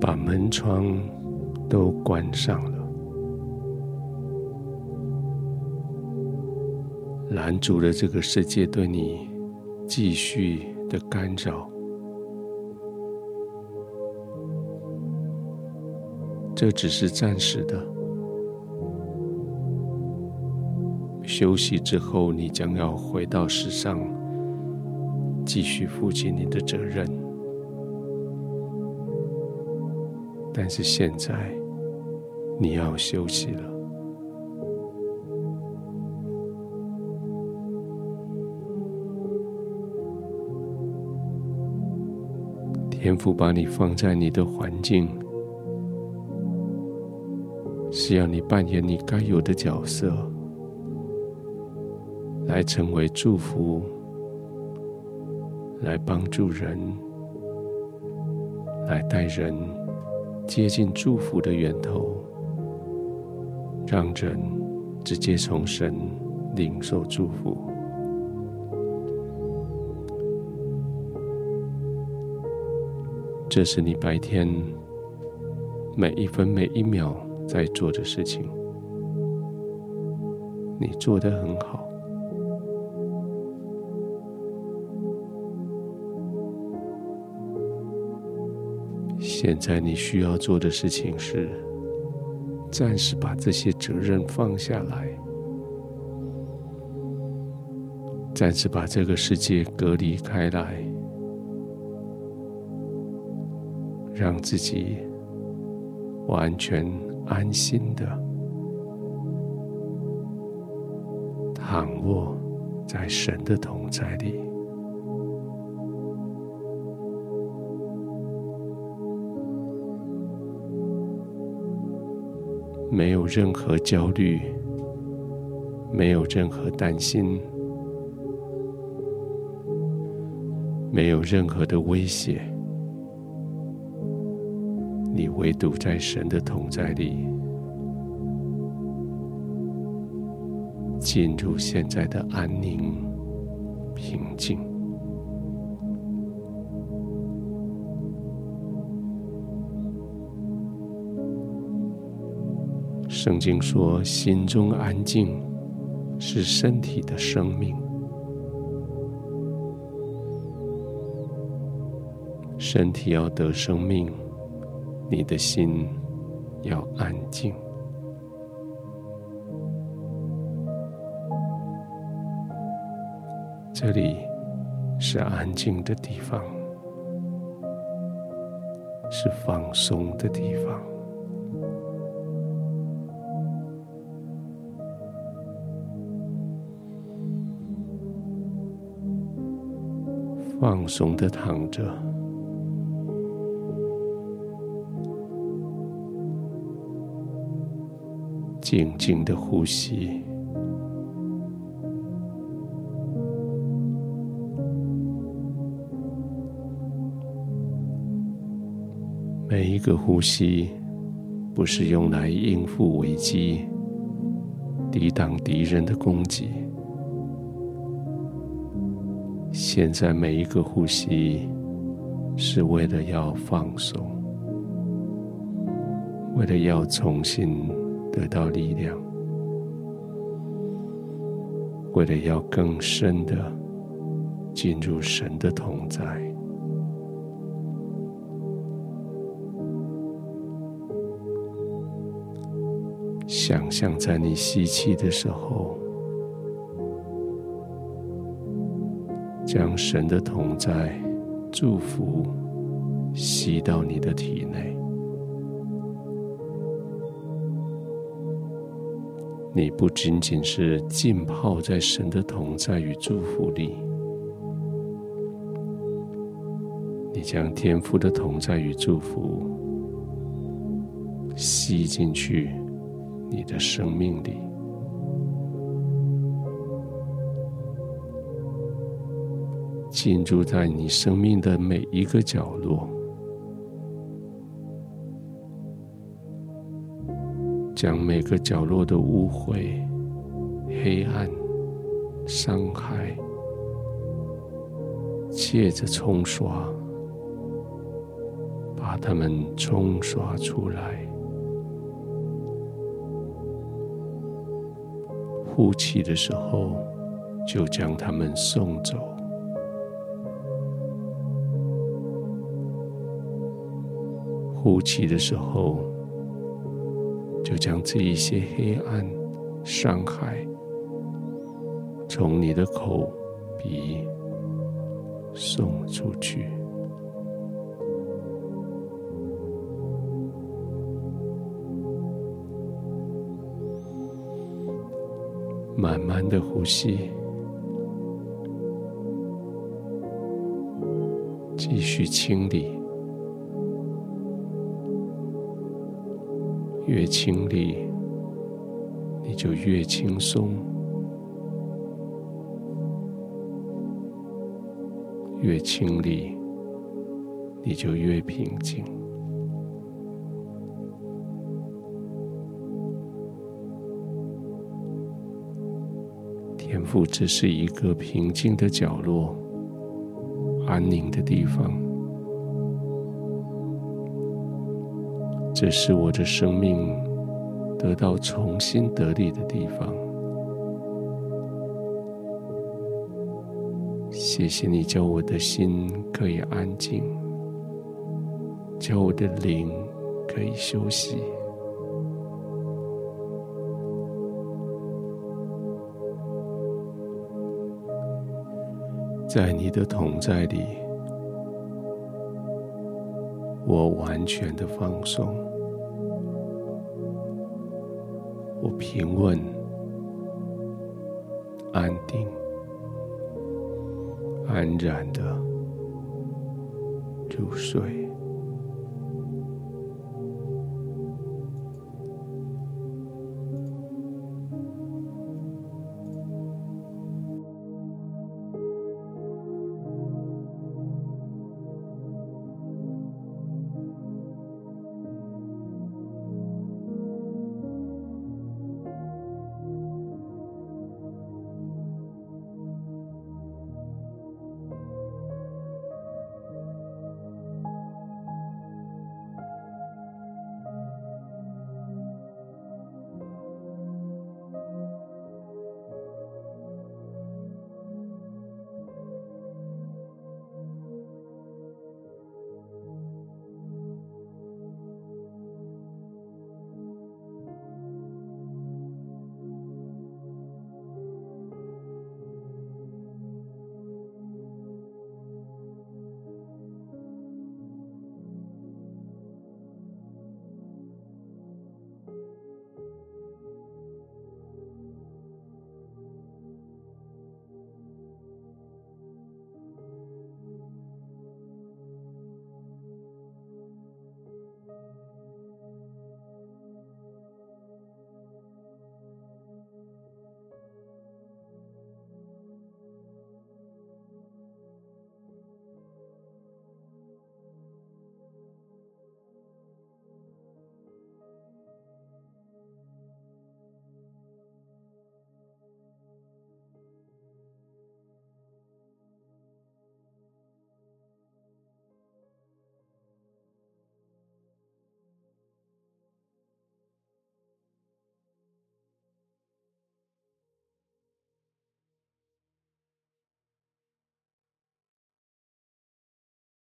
把門窗都關上了，攔阻了這個世界對你繼續的干擾。這只是暫時的。休息之後，你將要回到世上，繼續負起你的責任。但是現在，你要休息了。天父把你放在你的環境，是要你扮演你該有的角色，來成為祝福，來幫助人，來帶人。接近祝福的源頭，讓人直接從神領受祝福。這是你白天每一分每一秒在做的事情，你做得很好。現在你需要做的事情是，暫時把這些責任放下來，暫時把這個世界隔離開來，讓自己完全安心的躺臥在神的同在裡。沒有任何焦慮，沒有任何擔心，沒有任何的威脅。你唯獨在神的同在裡，進入現在的安寧，平靜。聖經說：“心中安靜，是身體的生命。身體要得生命，你的心要安靜。這裡是安靜的地方，是放鬆的地方。”放鬆的躺着，靜靜的呼吸。每一個呼吸，不是用來應付危機、抵擋敵人的攻擊。現在每一個呼吸，是為了要放鬆，為了要重新得到力量，為了要更深的進入神的同在。想象在你吸氣的時候。將神的同在、祝福吸到你的體內。你不僅僅是浸泡在神的同在與祝福裡，你將天父的同在與祝福吸進去你的生命裡。進駐在你生命的每一個角落，將每個角落的污穢、黑暗、傷害，借着沖刷，把它們沖刷出來。呼氣的時候，就將它們送走。呼氣的時候，就將這一些黑暗、傷害從你的口鼻送出去，慢慢的呼吸，繼續清理。越清理，你就越輕鬆；越清理，你就越平靜。天賦只是一個平靜的角落，安寧的地方。這是我這生命得到重新得力的地方。謝謝你，教我的心可以安靜，教我的靈可以休息，在你的同在裡。我完全的放鬆，我平穩、安定、安然的入睡。